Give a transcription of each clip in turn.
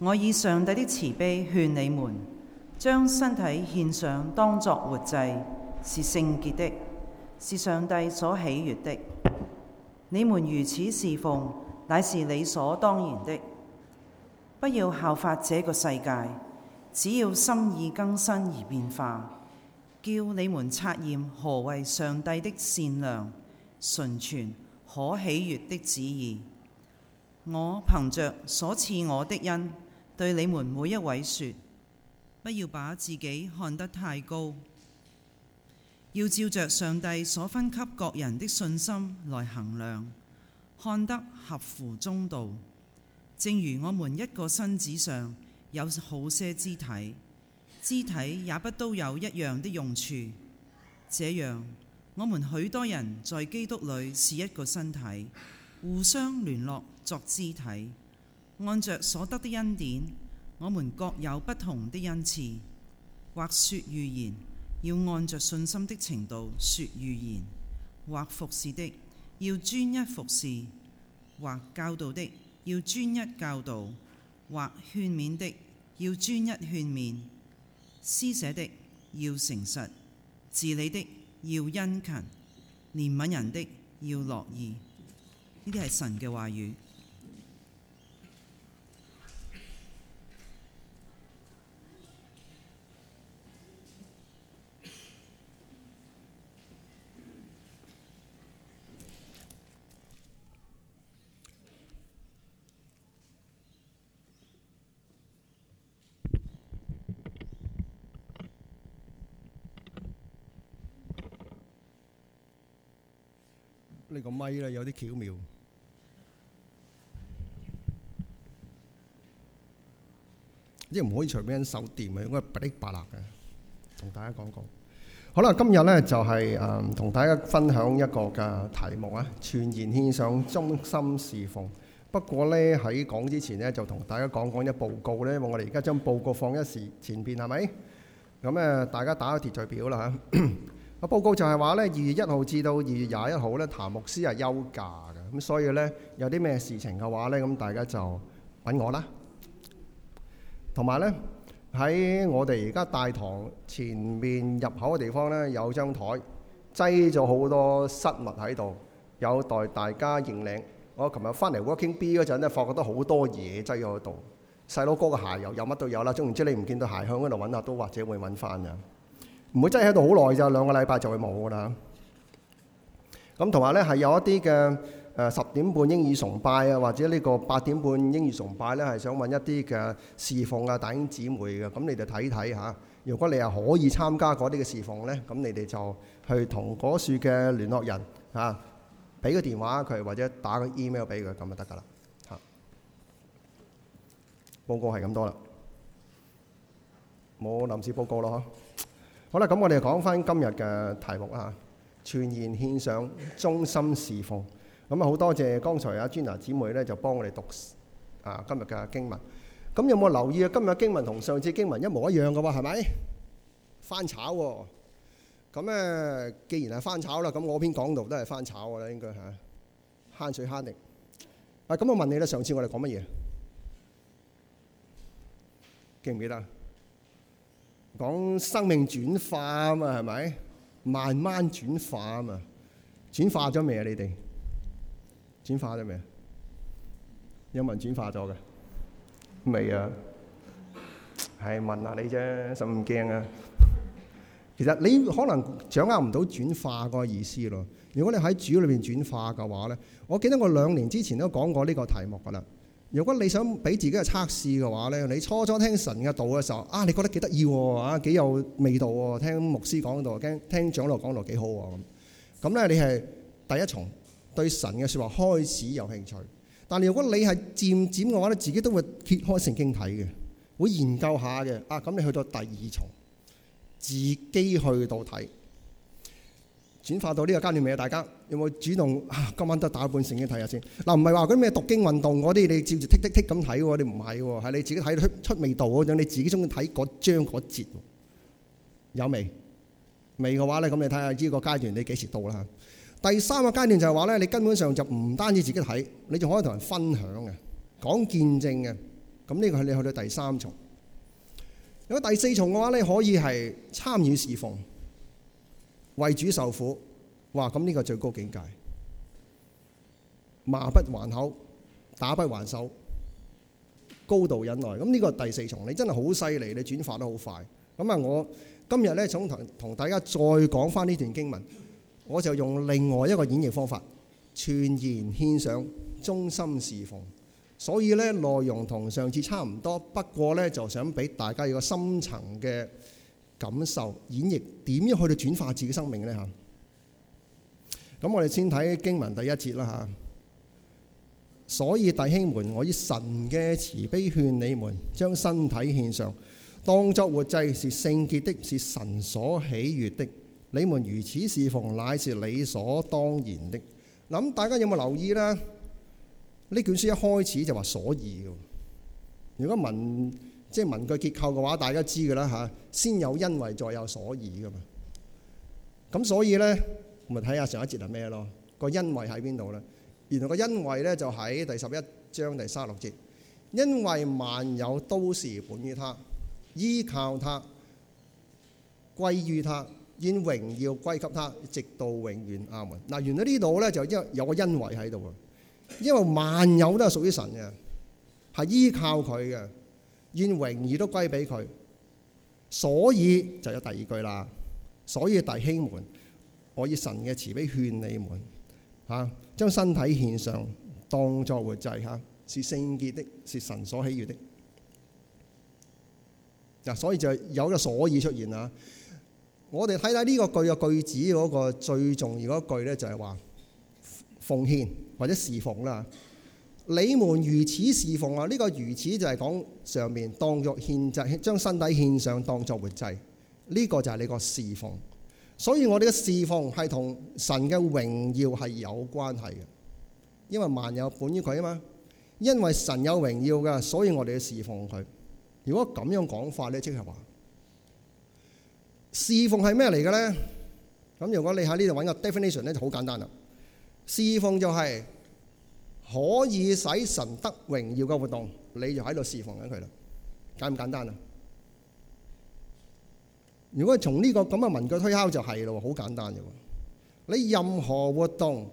我以上帝的慈悲勸你們，將身體獻上當作活祭，是聖潔的，是上帝所喜悅的。你們如此事奉，乃是理所當然的。不要效法這個世界，只要心意更新而變化，叫你們察驗何為上帝的善良、純全、可喜悅的旨意。我憑着所賜我的恩。對你們每一位說，不要把自己看得太高，要照着上帝所分給各人的信心來衡量，看得合乎中道。正如我們一個身子上有好些肢體，肢體也不都有一樣的用處。這樣，我們許多人在基督裏是一個身體，互相聯絡作肢體。按着所得的恩典，我們各有不同的恩賜。或說預言，要按着信心的程度說預言；或服侍的，要專一服侍，或教導的，要專一教導；或勸勉的，要專一勸勉；施捨的要誠實，治理的要殷勤，憐憫人的要樂意。呢啲係神嘅話語。呢個咪咧有啲巧妙，即係唔可以隨便手掂啊！應該不依不賴嘅，同大家講講。好啦，今日咧就係誒同大家分享一個嘅題目啊！全然獻上，忠心事奉。不過咧喺講之前咧，就同大家講講一報告咧。我哋而家將報告放一時前邊，係咪？咁誒，大家打開秩序表啦嚇。個報告就係話呢，二月一號至到二月廿一號呢，譚牧師係休假嘅，咁所以呢，有啲咩事情嘅話呢，咁大家就揾我啦。同埋呢，喺我哋而家大堂前面入口嘅地方呢，有張台擠咗好多失物喺度，有待大家認領。我琴日翻嚟 Working B 嗰陣咧，發覺放覺得好多嘢擠咗喺度，細佬哥嘅鞋有有乜都有啦。總言之，你唔見到鞋響嗰度揾下都，或者會揾翻嘅。唔會真係喺度好耐咋，兩個禮拜就會冇噶啦。咁同埋咧，係有一啲嘅誒十點半英語崇拜啊，或者呢個八點半英語崇拜咧，係想搵一啲嘅侍奉嘅弟兄姊妹嘅，咁你哋睇睇嚇。如果你係可以參加嗰啲嘅侍奉咧，咁你哋就去同嗰處嘅聯絡人啊，俾個電話佢，或者打個 email 俾佢，咁就得噶啦。嚇、啊，報告係咁多啦，冇臨時報告咯，啊好啦，咁我哋講翻今日嘅題目啊，嚇，全然獻上，忠心事奉。咁啊，好多謝剛才阿專拿姊妹咧，就幫我哋讀啊今日嘅經文。咁有冇留意啊？今日嘅經文同上次經文一模一樣嘅喎，係咪？翻炒喎、哦。咁誒，既然係翻炒啦，咁我篇講道都係翻炒嘅啦，應該嚇。慳水慳力。啊，咁我問你啦，上次我哋講乜嘢？記唔記得？講生命轉化啊嘛，係咪？慢慢轉化啊嘛，轉化咗未啊？問問你哋轉化咗未啊？有冇人轉化咗嘅？未啊，係問下你啫，使唔驚啊？其實你可能掌握唔到轉化個意思咯。如果你喺主裏邊轉化嘅話咧，我記得我兩年之前都講過呢個題目㗎喇。如果你想俾自己嘅測試嘅話咧，你初初聽神嘅道嘅時候，啊，你覺得幾得意喎嚇，幾有味道喎，聽牧師講道，聽聽長老講道幾好喎咁。咁咧你係第一重對神嘅説話開始有興趣，但如果你係漸漸嘅話咧，自己都會揭開聖經睇嘅，會研究下嘅，啊，咁你去到第二重，自己去到睇。轉化到呢個階段未啊？大家有冇主動、啊？今晚都打半成嘅睇下先。嗱、啊，唔係話嗰啲咩讀經運動嗰啲，你照住剔剔剔咁睇喎，你唔係喎，係你自己睇出出味道嗰種，你自己中意睇嗰章嗰節。有未？未嘅話咧，咁你睇下呢個階段你幾時到啦？第三個階段就係話咧，你根本上就唔單止自己睇，你仲可以同人分享嘅，講見證嘅。咁呢個係你去到第三重。如果第四重嘅話咧，可以係參與事奉。為主受苦，哇！咁、這、呢個最高境界，罵不還口，打不還手，高度忍耐。咁、這、呢個第四重，你真係好犀利，你轉發得好快。咁啊，我今日呢，想同同大家再講翻呢段經文，我就用另外一個演繹方法，全然獻上，忠心事奉。所以呢，內容同上次差唔多，不過呢，就想俾大家一個深層嘅。感受演繹，點樣去到轉化自己生命呢？吓，咁我哋先睇經文第一節啦吓。所以弟兄們，我以神嘅慈悲勸你們，將身體獻上，當作活祭，是聖潔的，是神所喜悅的。你們如此侍奉，乃是理所當然的。嗱，大家有冇留意咧？呢卷書一開始就話所以嘅。如果問？即係文句結構嘅話，大家知嘅啦嚇。先有因為，再有所以嘅嘛。咁所以咧，我咪睇下上一節係咩咯？個因為喺邊度咧？原來個因為咧就喺第十一章第三十六節，因為萬有都是本於他，依靠他，歸於他，願榮耀歸給他，直到永遠。阿們。嗱，原來呢度咧，就因為有個因為喺度啊，因為萬有都係屬於神嘅，係依靠佢嘅。願榮耀都歸俾佢，所以就有第二句啦。所以弟兄們，我以神嘅慈悲勸你們，吓、啊、將身體獻上，當作活祭，吓、啊、是聖潔的，是神所喜悦的。嗱、啊，所以就有一個所以出現啦。我哋睇睇呢個句嘅、這個、句子嗰個最重要嗰句咧，就係、是、話奉獻或者事奉啦。啊你們如此侍奉啊！呢個如此就係講上面當作獻祭，將身體獻上當作活祭。呢個就係你個侍奉。所以我哋嘅侍奉係同神嘅榮耀係有關係嘅，因為萬有本於佢啊嘛。因為神有榮耀嘅，所以我哋要侍奉佢。如果咁樣講法咧，即係話侍奉係咩嚟嘅咧？咁如果你喺呢度搵個 definition 咧，就好簡單啦。侍奉就係，可以使神得榮耀嘅活動，你就喺度侍奉緊佢啦，簡唔簡單啊？如果從呢個咁嘅文句推敲就係咯，好簡單啫。你任何活動、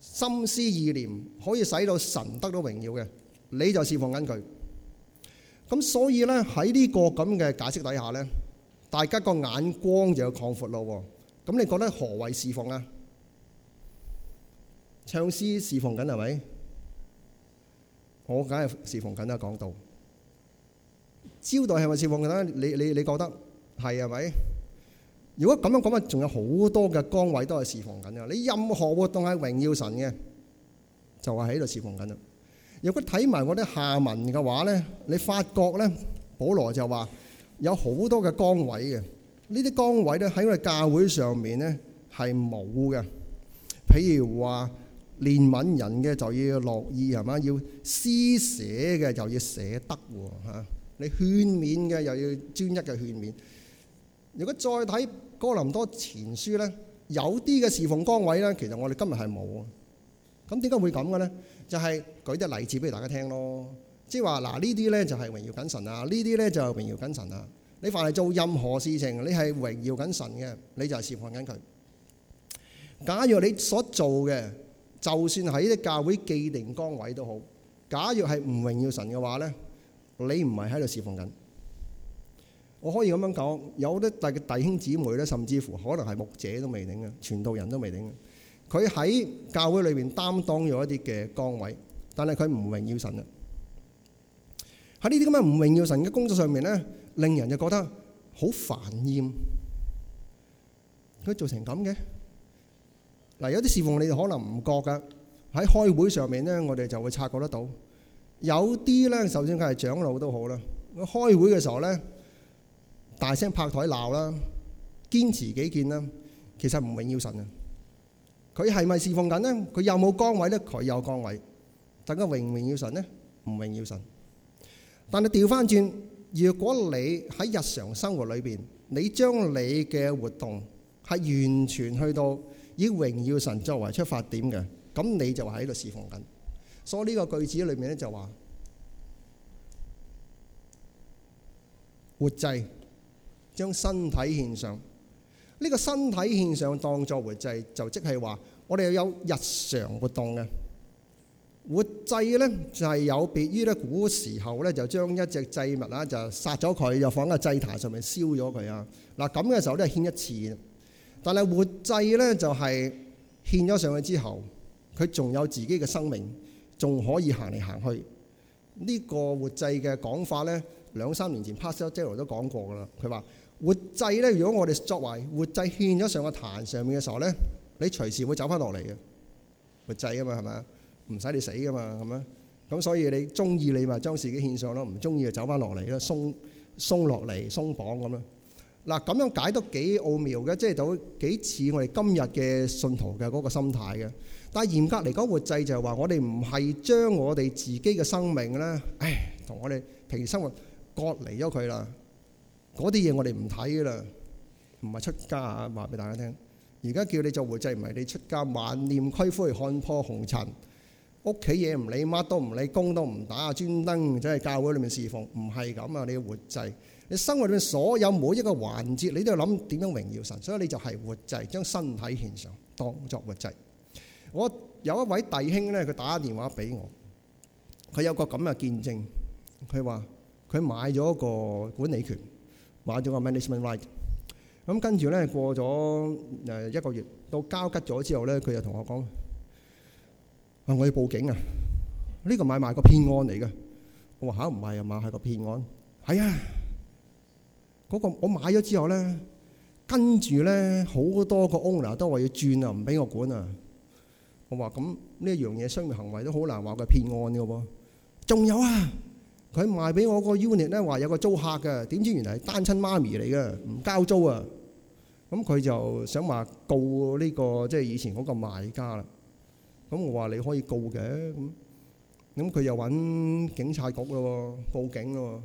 心思意念可以使到神得到榮耀嘅，你就侍奉緊佢。咁所以咧，喺呢個咁嘅解釋底下咧，大家個眼光就有擴闊咯。咁你覺得何為侍奉啊？唱詩侍奉緊係咪？我梗係侍奉緊啦，講道招待係咪侍奉緊啦？你你你覺得係係咪？如果咁樣講咧，仲有好多嘅崗位都係侍奉緊啦。你任何活動係榮耀神嘅，就係喺度侍奉緊啦。如果睇埋我啲下文嘅話咧，你發覺咧，保羅就話有好多嘅崗位嘅，呢啲崗位咧喺我哋教會上面咧係冇嘅，譬如話。憐憫人嘅就要樂意係嘛？要施捨嘅就要捨得吓。你勸勉嘅又要專一嘅勸勉。如果再睇哥林多前書咧，有啲嘅侍奉崗位咧，其實我哋今日係冇啊。咁點解會咁嘅咧？就係舉啲例子俾大家聽咯，即係話嗱，呢啲咧就係榮耀緊神啊，呢啲咧就係榮耀緊神啊。你凡係做任何事情，你係榮耀緊神嘅，你就係侍奉緊佢。假如你所做嘅，就算喺啲教會既定崗位都好，假若係唔榮耀神嘅話咧，你唔係喺度侍奉緊。我可以咁樣講，有啲大弟兄姊妹咧，甚至乎可能係牧者都未定嘅，傳道人都未定嘅，佢喺教會裏邊擔當咗一啲嘅崗位，但係佢唔榮耀神嘅。喺呢啲咁嘅唔榮耀神嘅工作上面咧，令人就覺得好煩厭。佢做成咁嘅。嗱，有啲侍奉你哋可能唔覺噶，喺開會上面咧，我哋就會察覺得到。有啲咧，就算佢係長老都好啦，開會嘅時候咧，大聲拍台鬧啦，堅持己見啦，其實唔榮耀神啊！佢係咪侍奉緊呢？佢有冇崗位咧，佢有崗位，大家榮唔榮耀神咧？唔榮耀神。但係調翻轉，如果你喺日常生活裏邊，你將你嘅活動係完全去到，以榮耀神作為出發點嘅，咁你就喺度侍奉緊。所以呢個句子裏面咧就話，活祭將身體獻上。呢個身體獻上當作活祭，就即係話我哋要有日常活動嘅活祭咧，就係有別於咧古時候咧就將一隻祭物啊就殺咗佢，就放喺祭壇上面燒咗佢啊。嗱咁嘅時候咧，係獻一次。但係活祭咧，就係、是、獻咗上去之後，佢仲有自己嘅生命，仲可以行嚟行去。呢、這個活祭嘅講法咧，兩三年前 Pastor Jeter 都講過噶啦。佢話活祭咧，如果我哋作為活祭獻咗上個壇上面嘅時候咧，你隨時會走翻落嚟嘅。活祭啊嘛，係咪啊？唔使你死噶嘛，係咪？咁所以你中意你咪、就是、將自己獻上咯，唔中意就走翻落嚟啦，鬆鬆落嚟鬆綁咁啦。嗱，咁樣解都幾奧妙嘅，即係就幾似我哋今日嘅信徒嘅嗰個心態嘅。但係嚴格嚟講，活祭就係話我哋唔係將我哋自己嘅生命咧，唉，同我哋平時生活割離咗佢啦。嗰啲嘢我哋唔睇噶啦，唔係出家啊！話俾大家聽，而家叫你做活祭唔係你出家，萬念俱灰看破紅塵，屋企嘢唔理，乜都唔理，工都唔打，專登走去教會裏面侍奉，唔係咁啊！你要活祭。你生活裏面所有每一個環節，你都要諗點樣榮耀神，所以你就係活祭，將身體獻上，當作活祭。我有一位弟兄咧，佢打電話俾我，佢有個咁嘅見證，佢話佢買咗個管理權，買咗個 management right。咁跟住咧過咗誒一個月，到交吉咗之後咧，佢就同我講話、呃：我要報警啊！呢、呢個買賣個騙案嚟嘅。我話吓，唔係啊，買係個騙案係啊。嗰個我買咗之後咧，跟住咧好多個 owner 都話要轉啊，唔俾我管啊。我話咁呢樣嘢商業行為都好難話佢係騙案噶喎。仲有啊，佢賣俾我個 unit 咧，話有個租客嘅，點知原來係單親媽咪嚟嘅，唔交租啊。咁佢就想話告呢個即係以前嗰個賣家啦。咁我話你可以告嘅咁，咁佢又揾警察局咯，報警咯。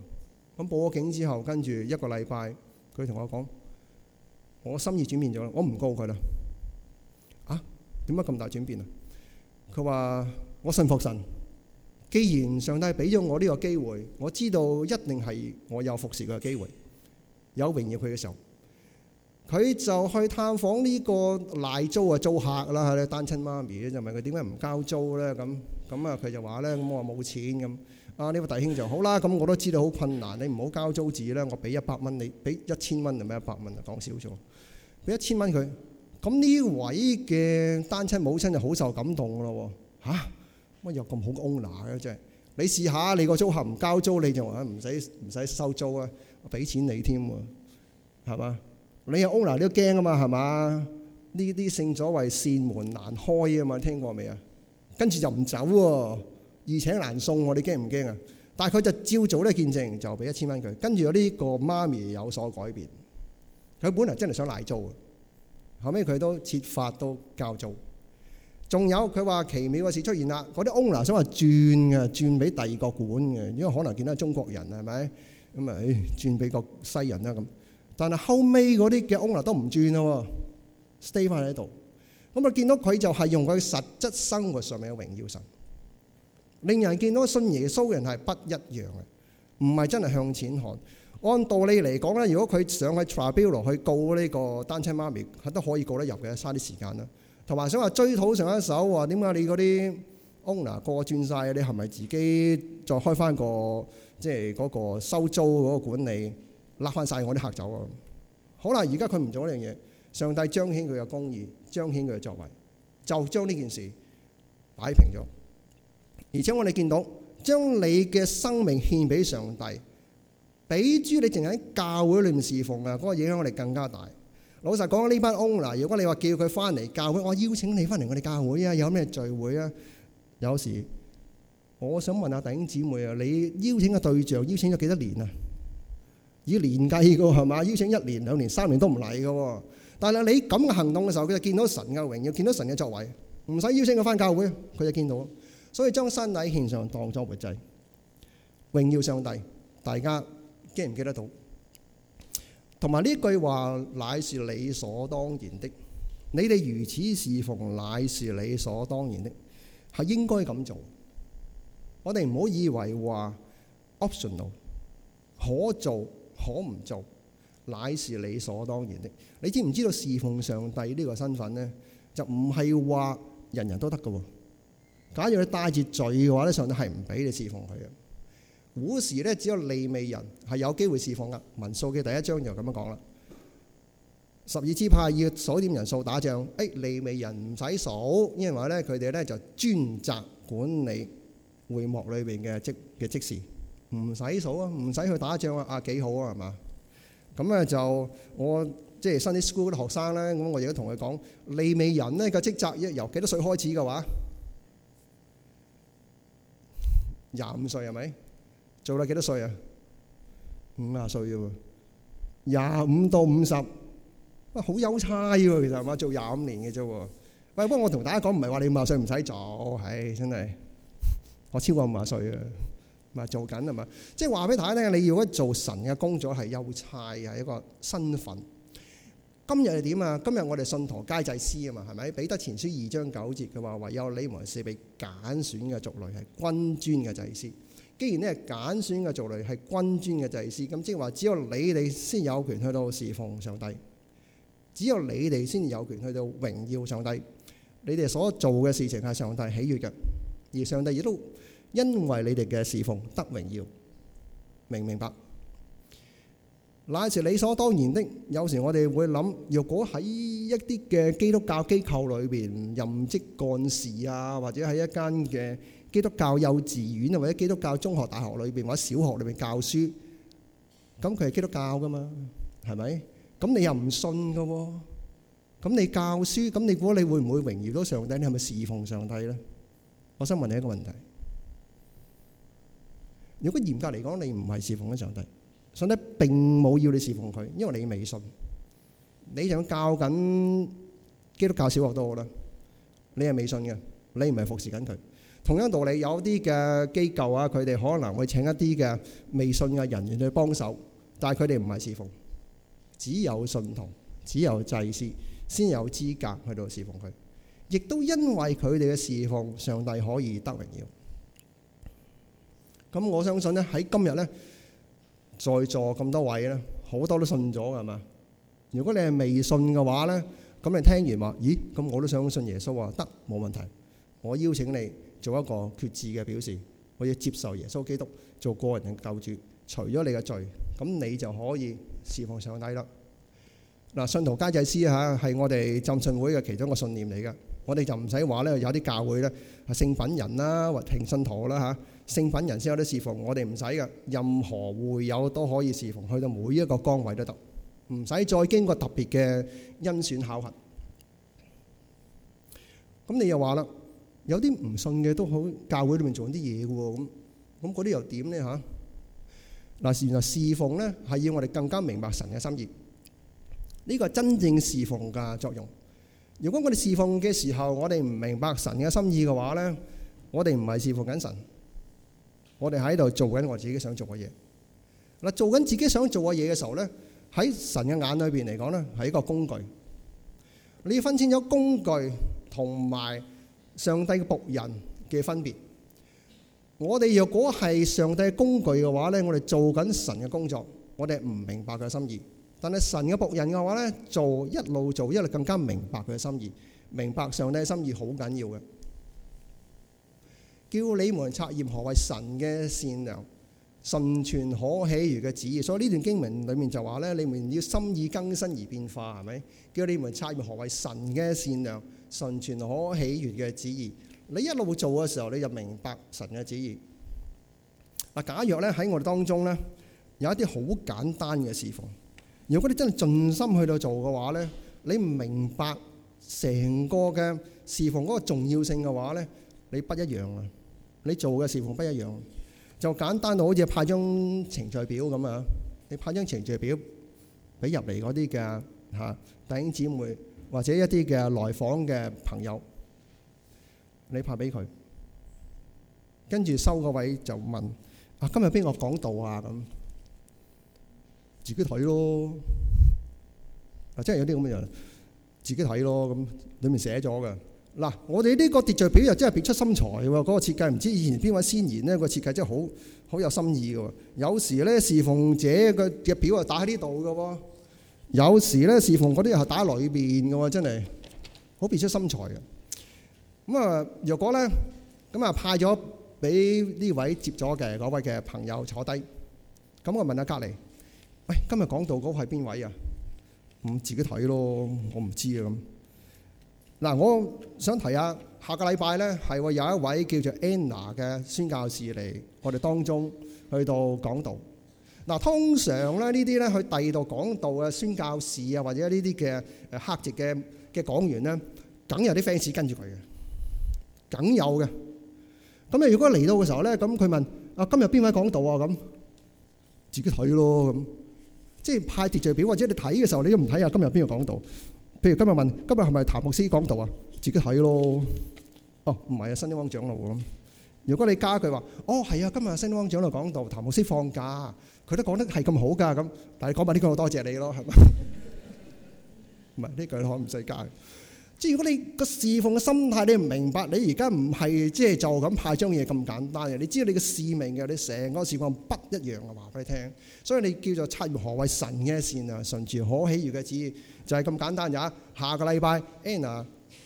咁報咗警之後，跟住一個禮拜，佢同我講：我心意轉變咗啦，我唔告佢啦。啊？點解咁大轉變啊？佢話：我信服神，既然上帝俾咗我呢個機會，我知道一定係我有服侍佢嘅機會，有榮耀佢嘅時候。佢就去探訪呢個賴租啊租客啦，係咧單親媽咪咧，就問佢點解唔交租咧？咁咁啊，佢就話咧：咁我冇錢咁。啊！呢、這個弟兄就好啦，咁、啊嗯、我都知道好困難，你唔好交租字啦，我俾一百蚊你，俾一千蚊定咪一百蚊啊？講少咗，俾一千蚊佢。咁呢、嗯、位嘅單親母親就好受感動噶咯喎。嚇、啊、乜有咁好個 owner 嘅、啊、啫？你試下你個租客唔交租，你就話唔使唔使收租啊，我俾錢你添喎，係嘛？你係 owner 都驚啊嘛，係嘛？呢啲正所謂善門難開啊嘛，你聽過未啊？跟住就唔走喎。而且難送，我哋驚唔驚啊？但係佢就朝早咧見證，就俾一千蚊佢。跟住有呢個媽咪有所改變。佢本嚟真係想賴租，後尾佢都設法都交租。仲有佢話奇妙嘅事出現啦，嗰啲 owner 想話轉嘅，轉俾第二個管嘅，因為可能見到係中國人係咪？咁啊，轉俾個西人啦咁。但係後尾嗰啲嘅 owner 都唔轉咯，stay 翻喺度。咁啊，見到佢就係用佢實質生活上面嘅榮耀神，令人見到信耶穌嘅人係不一樣嘅，唔係真係向錢看。按道理嚟講咧，如果佢上去 tribunal 去告呢個單親媽咪，係都可以告得入嘅，嘥啲時間啦。同埋想話追討上一手，話點解你嗰啲 owner 過轉曬，你係咪自己再開翻個即係嗰個收租嗰個管理甩翻晒我啲客走啊？好啦，而家佢唔做呢樣嘢，上帝彰顯佢嘅公義，彰顯佢嘅作為，就將呢件事擺平咗。而且我哋見到將你嘅生命獻俾上帝，比諸你淨喺教會裏面侍奉啊，嗰個影響力更加大。老實講，呢班 owner，如果你話叫佢翻嚟教會，我邀請你翻嚟我哋教會啊，有咩聚會啊？有時我想問下弟兄姊妹啊，你邀請嘅對象邀請咗幾多年啊？以年計噶係嘛？邀請一年、兩年、三年都唔嚟噶。但係你咁嘅行動嘅時候，佢就見到神嘅榮耀，見到神嘅作為，唔使邀請佢翻教會，佢就見到。所以將身體獻上當作活祭，榮耀上帝。大家記唔記得到？同埋呢句話乃是理所當然的。你哋如此侍奉，乃是理所當然的，係應該咁做。我哋唔好以為話 optional，可做可唔做，乃是理所當然的。你知唔知道侍奉上帝呢個身份呢？就唔係話人人都得㗎喎？假如你帶住罪嘅話咧，上帝係唔俾你侍奉佢嘅。古時咧，只有利未人係有機會侍奉嘅，《民數記》第一章就咁樣講啦。十二支派要數點人數打仗，誒、哎、利未人唔使數，因為話咧佢哋咧就專責管理會幕裏邊嘅職嘅職事，唔使數啊，唔使去打仗啊，啊幾好啊，係嘛？咁啊就我即係 Sunday School 啲學生咧，咁我亦都同佢講，利未人咧嘅職責由幾多歲開始嘅話？廿五歲係咪？做咗幾多歲啊？五啊歲啫喎，廿五到五十，哇好優差喎！其實係嘛，做廿五年嘅啫喎。喂，不過我同大家講，唔係話你五十歲唔使做，唉、哎，真係我超過五十歲啊，咪做緊係嘛？即係話俾大家聽，你如果做神嘅工作係優差嘅一個身份。今日係點啊？今日我哋信徒皆祭司啊嘛，係咪？彼得前書二章九節佢話：唯有你們是被揀選嘅族類，係君尊嘅祭司。既然咧揀選嘅族類係君尊嘅祭司，咁即係話只有你哋先有權去到侍奉上帝，只有你哋先有權去到榮耀上帝。你哋所做嘅事情係上帝喜悅嘅，而上帝亦都因為你哋嘅侍奉得榮耀。明唔明白？那是理所當然的。有時我哋會諗，若果喺一啲嘅基督教機構裏邊任職幹事啊，或者喺一間嘅基督教幼稚園啊，或者基督教中學、大學裏邊或者小學裏邊教書，咁佢係基督教噶嘛？係咪？咁你又唔信㗎喎？咁你教書，咁你估你會唔會榮耀到上帝？你係咪侍奉上帝咧？我想問你一個問題：如果嚴格嚟講，你唔係侍奉緊上帝。信得並冇要你侍奉佢，因為你未信，你想教緊基督教小學都好啦。你係未信嘅，你唔係服侍緊佢。同樣道理，有啲嘅機構啊，佢哋可能會請一啲嘅未信嘅人員去幫手，但係佢哋唔係侍奉，只有信徒、只有祭司先有資格去到侍奉佢。亦都因為佢哋嘅侍奉，上帝可以得榮耀。咁我相信呢，喺今日呢。在座咁多位咧，好多都信咗噶嘛。如果你係未信嘅話呢，咁你聽完話，咦？咁我都想信耶穌啊，得，冇問題。我邀請你做一個決志嘅表示，我要接受耶穌基督做個人嘅救主，除咗你嘅罪，咁你就可以事奉上帝啦。嗱，信徒皆祭司嚇，係我哋浸信會嘅其中一個信念嚟嘅，我哋就唔使話呢，有啲教會呢係聖品人啦或平信徒啦嚇。聖品人先有得侍奉，我哋唔使嘅。任何會友都可以侍奉，去到每一個崗位都得，唔使再經過特別嘅甄選考核。咁你又話啦，有啲唔信嘅都好，教會裏面做啲嘢嘅喎。咁咁嗰啲又點呢？嚇、啊、嗱？事實侍奉咧係要我哋更加明白神嘅心意，呢、呢個真正侍奉嘅作用。如果我哋侍奉嘅時候，我哋唔明白神嘅心意嘅話咧，我哋唔係侍奉緊神。我哋喺度做緊我自己想做嘅嘢。嗱，做緊自己想做嘅嘢嘅時候咧，喺神嘅眼裏邊嚟講咧，係一個工具。你要分清楚工具同埋上帝嘅僕人嘅分別。我哋若果係上帝嘅工具嘅話咧，我哋做緊神嘅工作，我哋唔明白佢嘅心意。但係神嘅僕人嘅話咧，做一路做一路更加明白佢嘅心意。明白上帝嘅心意好緊要嘅。叫你們察驗何為神嘅善良、純全可喜悅嘅旨意。所以呢段經文裏面就話咧，你們要心意更新而變化，係咪？叫你們察驗何為神嘅善良、純全可喜悅嘅旨意。你一路做嘅時候，你就明白神嘅旨意。嗱，假若咧喺我哋當中咧，有一啲好簡單嘅侍奉，如果你真係盡心去到做嘅話咧，你唔明白成個嘅侍奉嗰個重要性嘅話咧。你不一樣啊！你做嘅事奉，不一樣，就簡單到好似派張程序表咁啊！你派張程序表俾入嚟嗰啲嘅嚇弟兄姊妹或者一啲嘅來訪嘅朋友，你派俾佢，跟住收個位就問：啊，今日邊個講道啊？咁自己睇咯，啊，真係有啲咁嘅人自己睇咯，咁裏面寫咗嘅。嗱，我哋呢個秩序表又真係別出心裁喎！嗰、那個設計唔知以前邊位先賢呢、那個設計真係好好有心意嘅喎。有時咧，侍奉者個隻表就打喺呢度嘅喎，有時咧，侍奉嗰啲又打喺裏邊嘅喎，真係好別出心裁嘅。咁啊，若果咧咁啊派咗俾呢位接咗嘅嗰位嘅朋友坐低，咁我問下隔籬，喂、哎，今日講道嗰個係邊位啊？唔，自己睇咯，我唔知啊咁。嗱，我想提下下個禮拜咧，係會有一位叫做 Anna 嘅宣教士嚟我哋當中去到講道。嗱，通常咧呢啲咧去第二度講道嘅宣教士啊，或者、呃、呢啲嘅誒客席嘅嘅講員咧，梗有啲 fans 跟住佢嘅，梗有嘅。咁你如果嚟到嘅時候咧，咁佢問啊今日邊位講道啊？咁，自己睇咯咁，即係派秩序表，或者你睇嘅時候你都唔睇啊今日邊個講道。譬如今日問今日係咪譚牧師講道啊？自己睇咯。哦，唔係啊，Sunny 黃長老咯。如果你加一句話，哦係啊，今日 Sunny 黃長老講道，譚牧師放假，佢都講得係咁好噶。咁，但係講埋呢句，多謝你咯，係咪？唔係呢句可唔使加。即係如果你個侍奉嘅心態，你唔明白，你而家唔係即係就咁派張嘢咁簡單嘅。你知道你嘅使命嘅，你成個侍奉不一樣啊！話俾你聽。所以你叫做察驗何為神嘅善良，純全可喜悅嘅旨意。就係咁簡單咋、啊。下個禮拜 Anna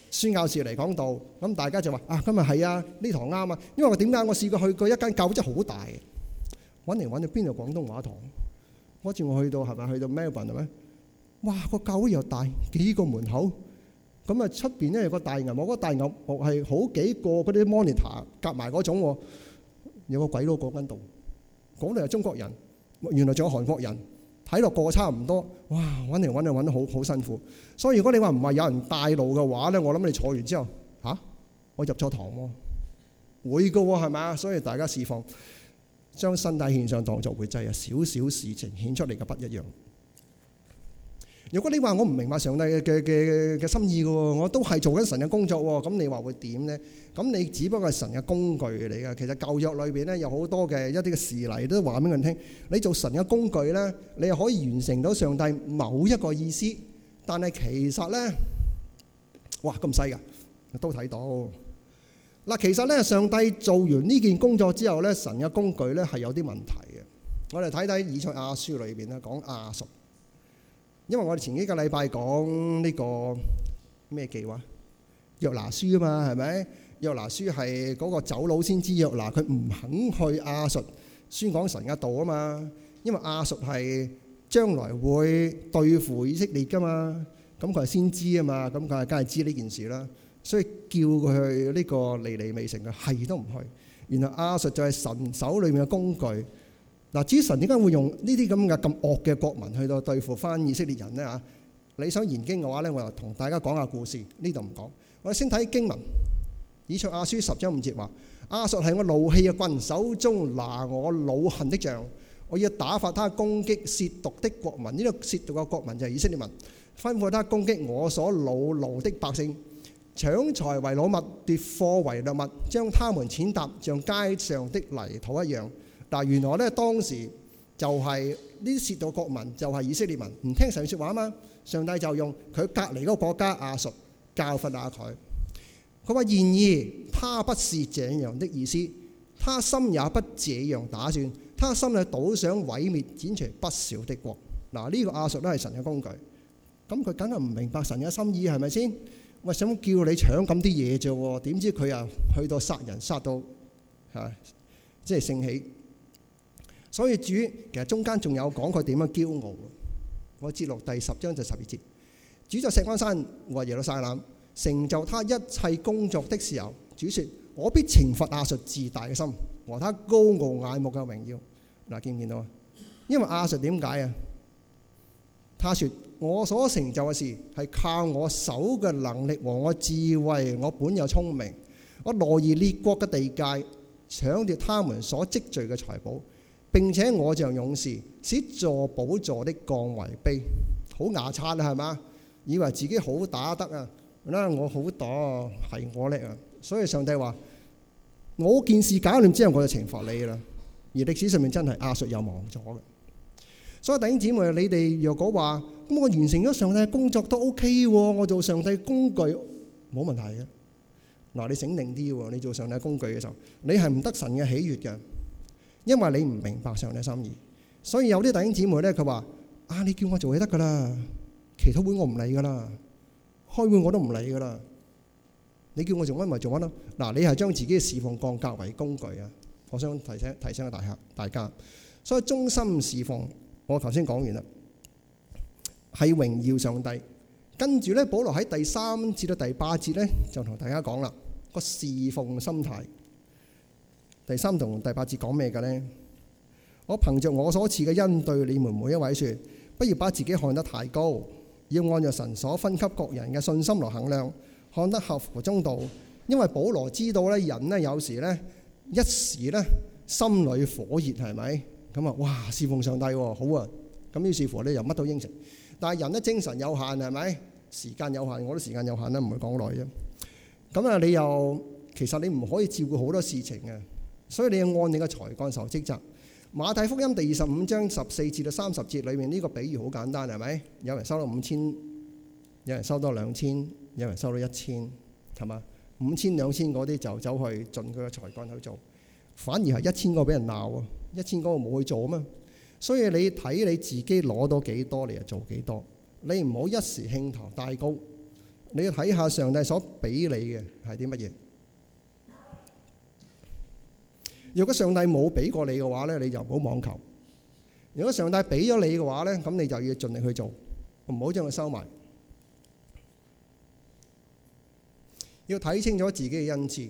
孫教授嚟講道，咁大家就話：啊，今日係啊，呢堂啱啊。因為我點解我試過去過一間教會真係好大嘅，揾嚟揾到邊度廣東話堂。嗰次我去到係咪去到 Melbourne 係咩？哇！個教會又大，幾個門口。咁啊出邊咧有個大銀幕，個大銀幕係好幾個嗰啲 monitor 夾埋嗰種喎、哦。有個鬼佬講緊道，講嚟係中國人，原來仲有韓國人。睇落個個差唔多，哇，揾嚟揾去揾得好好辛苦，所以如果你話唔係有人帶路嘅話咧，我諗你坐完之後吓、啊，我入咗堂喎，會㗎，係咪？所以大家試放將身體獻上當作活祭啊，少少事情顯出嚟嘅不一樣。如果你話我唔明白上帝嘅嘅嘅嘅心意嘅喎，我都係做緊神嘅工作喎，咁你話會點咧？咁你只不過係神嘅工具嚟嘅。其實舊約裏邊咧有好多嘅一啲嘅事例都話俾人聽，你做神嘅工具咧，你係可以完成到上帝某一個意思，但係其實咧，哇，咁細嘅都睇到。嗱，其實咧上帝做完呢件工作之後咧，神嘅工具咧係有啲問題嘅。我哋睇睇以賽亞書裏邊咧講亞述。因為我哋前幾個禮拜講呢個咩計劃？約拿書啊嘛，係咪？約拿書係嗰個走佬先知約拿，佢唔肯去亞述宣講神嘅道啊嘛。因為亞述係將來會對付以色列㗎嘛，咁佢係先知啊嘛，咁佢係梗係知呢件事啦。所以叫佢去呢個嚟嚟未成，佢係都唔去。然後亞述就係神手裏面嘅工具。嗱，基神點解會用呢啲咁嘅咁惡嘅國民去到對付翻以色列人咧嚇？你想研經嘅話咧，我又同大家講下故事，呢度唔講。我先睇經文，以賽亞書十章五節話：亞述係我怒氣嘅棍，手中拿我惱恨的杖，我要打發他攻擊褻瀆的國民。呢個褻瀆嘅國民就係以色列民，吩咐他攻擊我所惱怒的百姓，搶財為擄物，奪貨為掠物，將他們踐踏像街上的泥土一樣。嗱，原來咧當時就係呢涉到國民就係以色列民唔聽神嘅説話嘛。上帝就用佢隔離嗰個國家亞述教訓下佢。佢話：然而他不是這樣的意思，他心也不這樣打算，他心裏倒想毀滅剪除不少的國。嗱，呢個亞述都係神嘅工具，咁佢梗係唔明白神嘅心意係咪先？我想叫你搶咁啲嘢啫，點知佢又去到殺人殺到係即係盛起。所以主其實中間仲有講佢點樣驕傲。我接落第十章就十二節，主在錫安山和耶路撒冷成就他一切工作的時候，主説：我必懲罰亞述自大嘅心和他高傲眼目嘅榮耀。嗱，見唔見到啊？因為亞述點解啊？他説我所成就嘅事係靠我手嘅能力和我智慧，我本有聰明，我挪移列國嘅地界，搶奪他們所積聚嘅財寶。並且我像勇士，使坐寶座的降為卑，好牙擦啦係嘛？以為自己好打得啊，嗱我好打，係我叻啊！所以上帝話：我件事搞掂之後，我就懲罰你啦。而歷史上面真係亞述又亡咗嘅。所以弟兄姊妹，你哋若果話咁，我完成咗上帝嘅工作都 OK，啊、我做上帝工具冇問題嘅。嗱，你醒定啲喎，你做上帝工具嘅時候，你係唔得神嘅喜悦嘅。因為你唔明白上帝心意，所以有啲弟兄姊妹咧，佢話啊，你叫我做嘢，得噶啦，祈禱會我唔理噶啦，開會我都唔理噶啦，你叫我做乜咪做乜咯。嗱、啊，你係將自己嘅侍奉，降格為工具啊！我想提醒提醒下大客大家，所以忠心侍奉，我頭先講完啦，係榮耀上帝。跟住咧，保羅喺第三節到第八節咧，就同大家講啦，個侍奉心態。第三同第八節講咩嘅呢？我憑着我所賜嘅恩對你們每一位説，不要把自己看得太高，要按着神所分給各人嘅信心來衡量，看得合乎中道。因為保羅知道咧，人呢，有時呢，一時呢，心裏火熱，係咪咁啊？哇！侍奉上帝啊好啊！咁於是乎你又乜都應承，但係人咧精神有限，係咪時間有限？我都時間有限啦，唔會講耐啫。咁啊，你又其實你唔可以照顧好多事情嘅。所以你要按你嘅才幹受職責。馬太福音第二十五章十四節到三十節裏面呢個比喻好簡單，係咪？有人收到五千，有人收到兩千，有人收到一千，係嘛？五千、兩千嗰啲就走去盡佢嘅才幹去做，反而係一千嗰個俾人鬧啊！一千嗰個冇去做啊嘛。所以你睇你自己攞到幾多，你就做幾多。你唔好一時興頭大高，你要睇下上帝所俾你嘅係啲乜嘢。如果上帝冇俾過你嘅話咧，你就唔好妄求；如果上帝俾咗你嘅話咧，咁你就要盡力去做，唔好將佢收埋。要睇清楚自己嘅恩賜。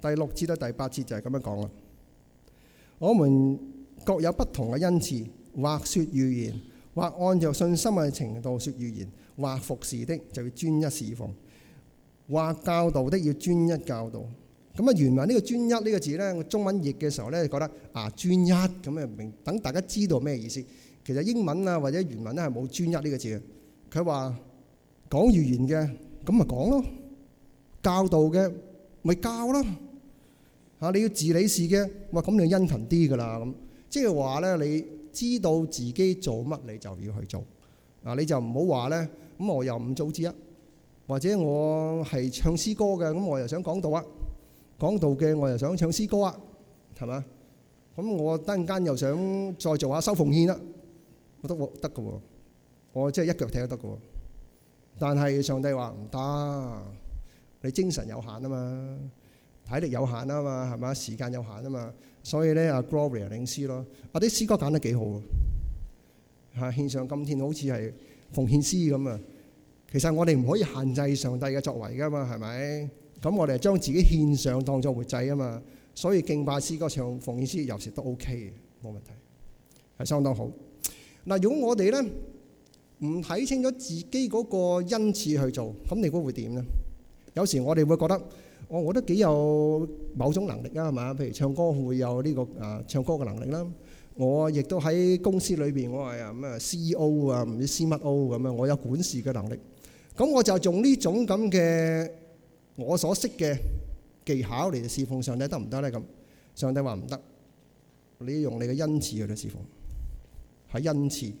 第六節到第八節就係咁樣講啦。我們各有不同嘅恩賜，或說預言，或按照信心嘅程度說預言，或服侍的就要專一侍奉，或教導的要專一教導。咁啊！原文呢個專一呢個字咧，我中文譯嘅時候咧，覺得啊專一咁啊唔明，等大家知道咩意思。其實英文啊或者原文咧係冇專一呢個字嘅。佢話講語言嘅咁咪講咯，教導嘅咪教咯嚇、啊。你要自理事嘅，哇、啊、咁你殷勤啲㗎啦咁，即係話咧，你知道自己做乜，你就要去做嗱、啊，你就唔好話咧咁，我又唔做之一，或者我係唱詩歌嘅，咁我又想講到啊。講道嘅我又想唱詩歌啊，係嘛？咁我突然間又想再做下收奉獻啦，我都得嘅喎，我即係一腳踢都得得嘅喎。但係上帝話唔得，你精神有限啊嘛，體力有限啊嘛，係嘛？時間有限啊嘛，所以咧阿 Gloria 領詩咯，我啲詩歌揀得幾好啊，係獻上今天好似係奉獻詩咁啊。其實我哋唔可以限制上帝嘅作為噶嘛，係咪？咁我哋將自己獻上當作活祭啊嘛，所以敬拜詩歌唱奉獻詩，有時都 OK 嘅，冇問題，係相當好。嗱，如果我哋咧唔睇清咗自己嗰個恩賜去做，咁你估會點咧？有時我哋會覺得，我我都幾有某種能力啊嘛，譬如唱歌會有呢、這個啊、呃、唱歌嘅能力啦，我亦都喺公司裏邊，我係啊咩 CEO 啊唔知 C 乜 O 咁啊，我有管事嘅能力，咁我就用呢種咁嘅。我所識嘅技巧嚟侍奉上帝得唔得咧？咁上帝話唔得，你要用你嘅恩賜去咧侍奉，係恩賜。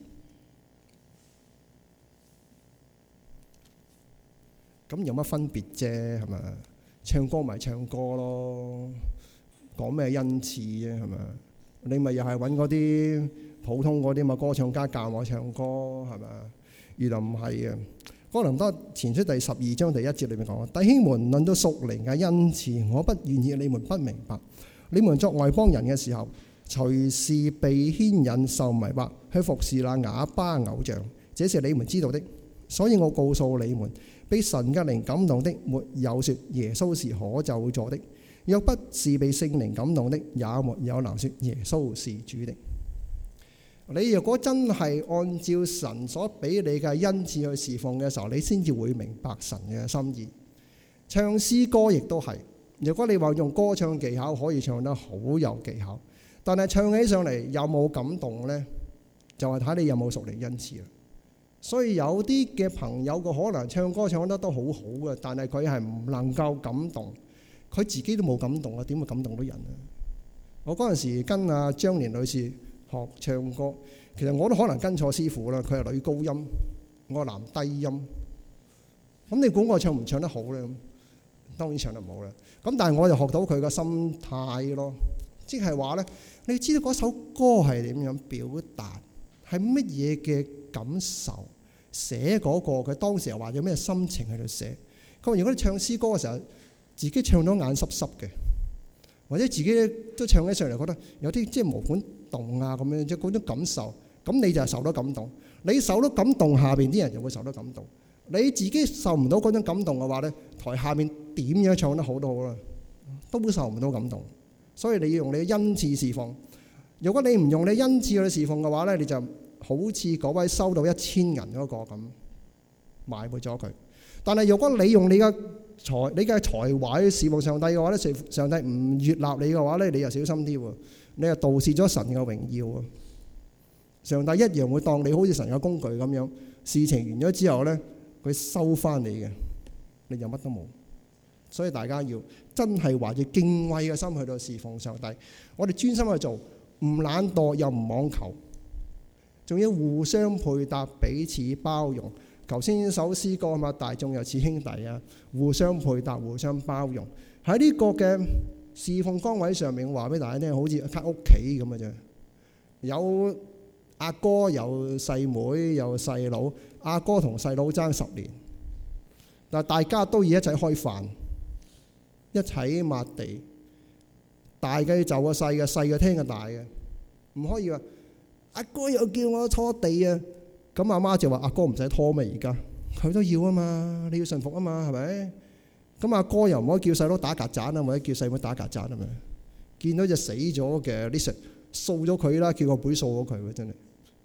咁有乜分別啫？係咪？唱歌咪唱歌咯，講咩恩賜啫？係咪？你咪又係揾嗰啲普通嗰啲嘛歌唱家教我唱歌，係咪啊？原來唔係嘅。哥林多前書第十二章第一節裏面講，弟兄們，論到屬靈嘅恩賜，我不願意你們不明白。你們作外邦人嘅時候，隨時被牽引、受迷惑，去服侍那啞巴偶像，這是你們知道的。所以我告訴你們，被神嘅靈感動的，沒有說耶穌是可咒詛的；若不是被聖靈感動的，也沒有能說耶穌是主的。你如果真係按照神所俾你嘅恩賜去侍奉嘅時候，你先至會明白神嘅心意。唱詩歌亦都係，如果你話用歌唱技巧可以唱得好有技巧，但係唱起上嚟有冇感動呢？就係睇你有冇熟練恩賜啦。所以有啲嘅朋友個可能唱歌唱得都好好嘅，但係佢係唔能夠感動，佢自己都冇感動啊，點會感動到人咧？我嗰陣時跟阿張年女士。學唱歌，其實我都可能跟錯師傅啦。佢係女高音，我係男低音。咁你估我唱唔唱得好咧？當然唱得唔好啦。咁但係我就學到佢個心態咯，即係話咧，你知道嗰首歌係點樣表達，係乜嘢嘅感受，寫嗰、那個佢當時又話有咩心情喺度寫。佢話如果你唱詩歌嘅時候，自己唱到眼濕濕嘅，或者自己都唱起上嚟覺得有啲即係冇管。就是無動啊，咁樣即嗰種感受，咁你就受到感動。你受到感動，下邊啲人就會受到感動。你自己受唔到嗰種感動嘅話呢，台下面點樣唱得好都好啦，都會受唔到感動。所以你要用你嘅恩賜侍奉。如果你唔用你嘅恩賜去侍奉嘅話呢，你就好似嗰位收到一千銀嗰個咁埋沒咗佢。但係如果你用你嘅才、你嘅才華去侍奉上帝嘅話呢，上帝唔悅納你嘅話呢，你又小心啲。你又盜竊咗神嘅榮耀啊！上帝一樣會當你好似神嘅工具咁樣，事情完咗之後呢，佢收翻你嘅，你就乜都冇。所以大家要真係懷住敬畏嘅心去到侍奉上帝。我哋專心去做，唔懶惰又唔妄求，仲要互相配搭、彼此包容。頭先首詩歌啊嘛，大眾又似兄弟啊，互相配搭、互相包容喺呢個嘅。侍奉崗位上面話俾大家聽，好似一間屋企咁嘅啫，有阿哥有細妹有細佬，阿哥同細佬爭十年，但係大家都要一齊開飯，一齊抹地，大嘅就個細嘅，細嘅聽個大嘅，唔可以話阿哥又叫我拖地啊！咁阿媽就話阿哥唔使拖咩？而家佢都要啊嘛，你要順服啊嘛，係咪？咁阿哥又唔可以叫細佬打曱甴啊，或者叫細妹打曱甴啊嘛？見到隻死咗嘅，你成掃咗佢啦，叫個背掃咗佢。真係，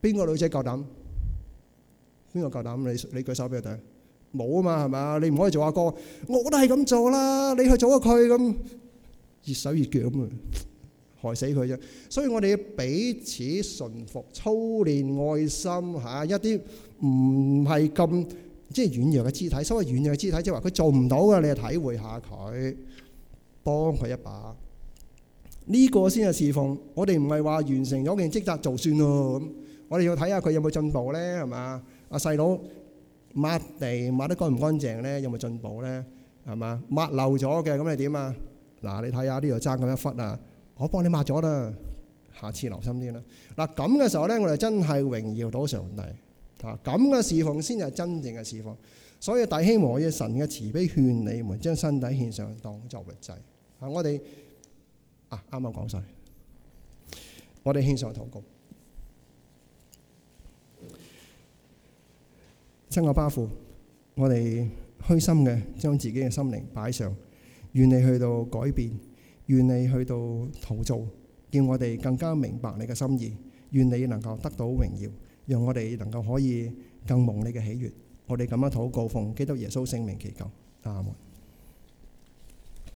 邊個女仔夠膽？邊個夠膽？你你舉手俾佢睇，冇啊嘛係嘛？你唔可以做阿哥，哥，我都係咁做啦。你去做阿佢咁，熱手熱腳咁啊，害死佢啫。所以我哋要彼此順服、操練愛心，嚇一啲唔係咁。即係軟弱嘅肢體，所謂軟弱嘅肢體，即係話佢做唔到㗎，你就體會下佢，幫佢一把，呢個先係侍奉。我哋唔係話完成咗件職責就算咯。咁我哋要睇下佢有冇進步咧，係嘛？阿細佬抹地抹得乾唔乾淨咧？有冇進步咧？係嘛？抹漏咗嘅咁係點啊？嗱，你睇下呢度爭咁一忽啊！我幫你抹咗啦，下次留心啲啦。嗱，咁嘅時候咧，我哋真係榮耀到上帝。啊！咁嘅侍奉先係真正嘅侍奉，所以大希望我以神嘅慈悲勸你們將身體獻上當作活祭。啊！我哋啊，啱啱講晒，我哋獻上禱告，親愛巴父，我哋虛心嘅將自己嘅心靈擺上，願你去到改變，願你去到陶造，叫我哋更加明白你嘅心意，願你能夠得到榮耀。讓我哋能夠可以更蒙你嘅喜悅，我哋咁樣禱告奉基督耶穌聖名祈求，阿門。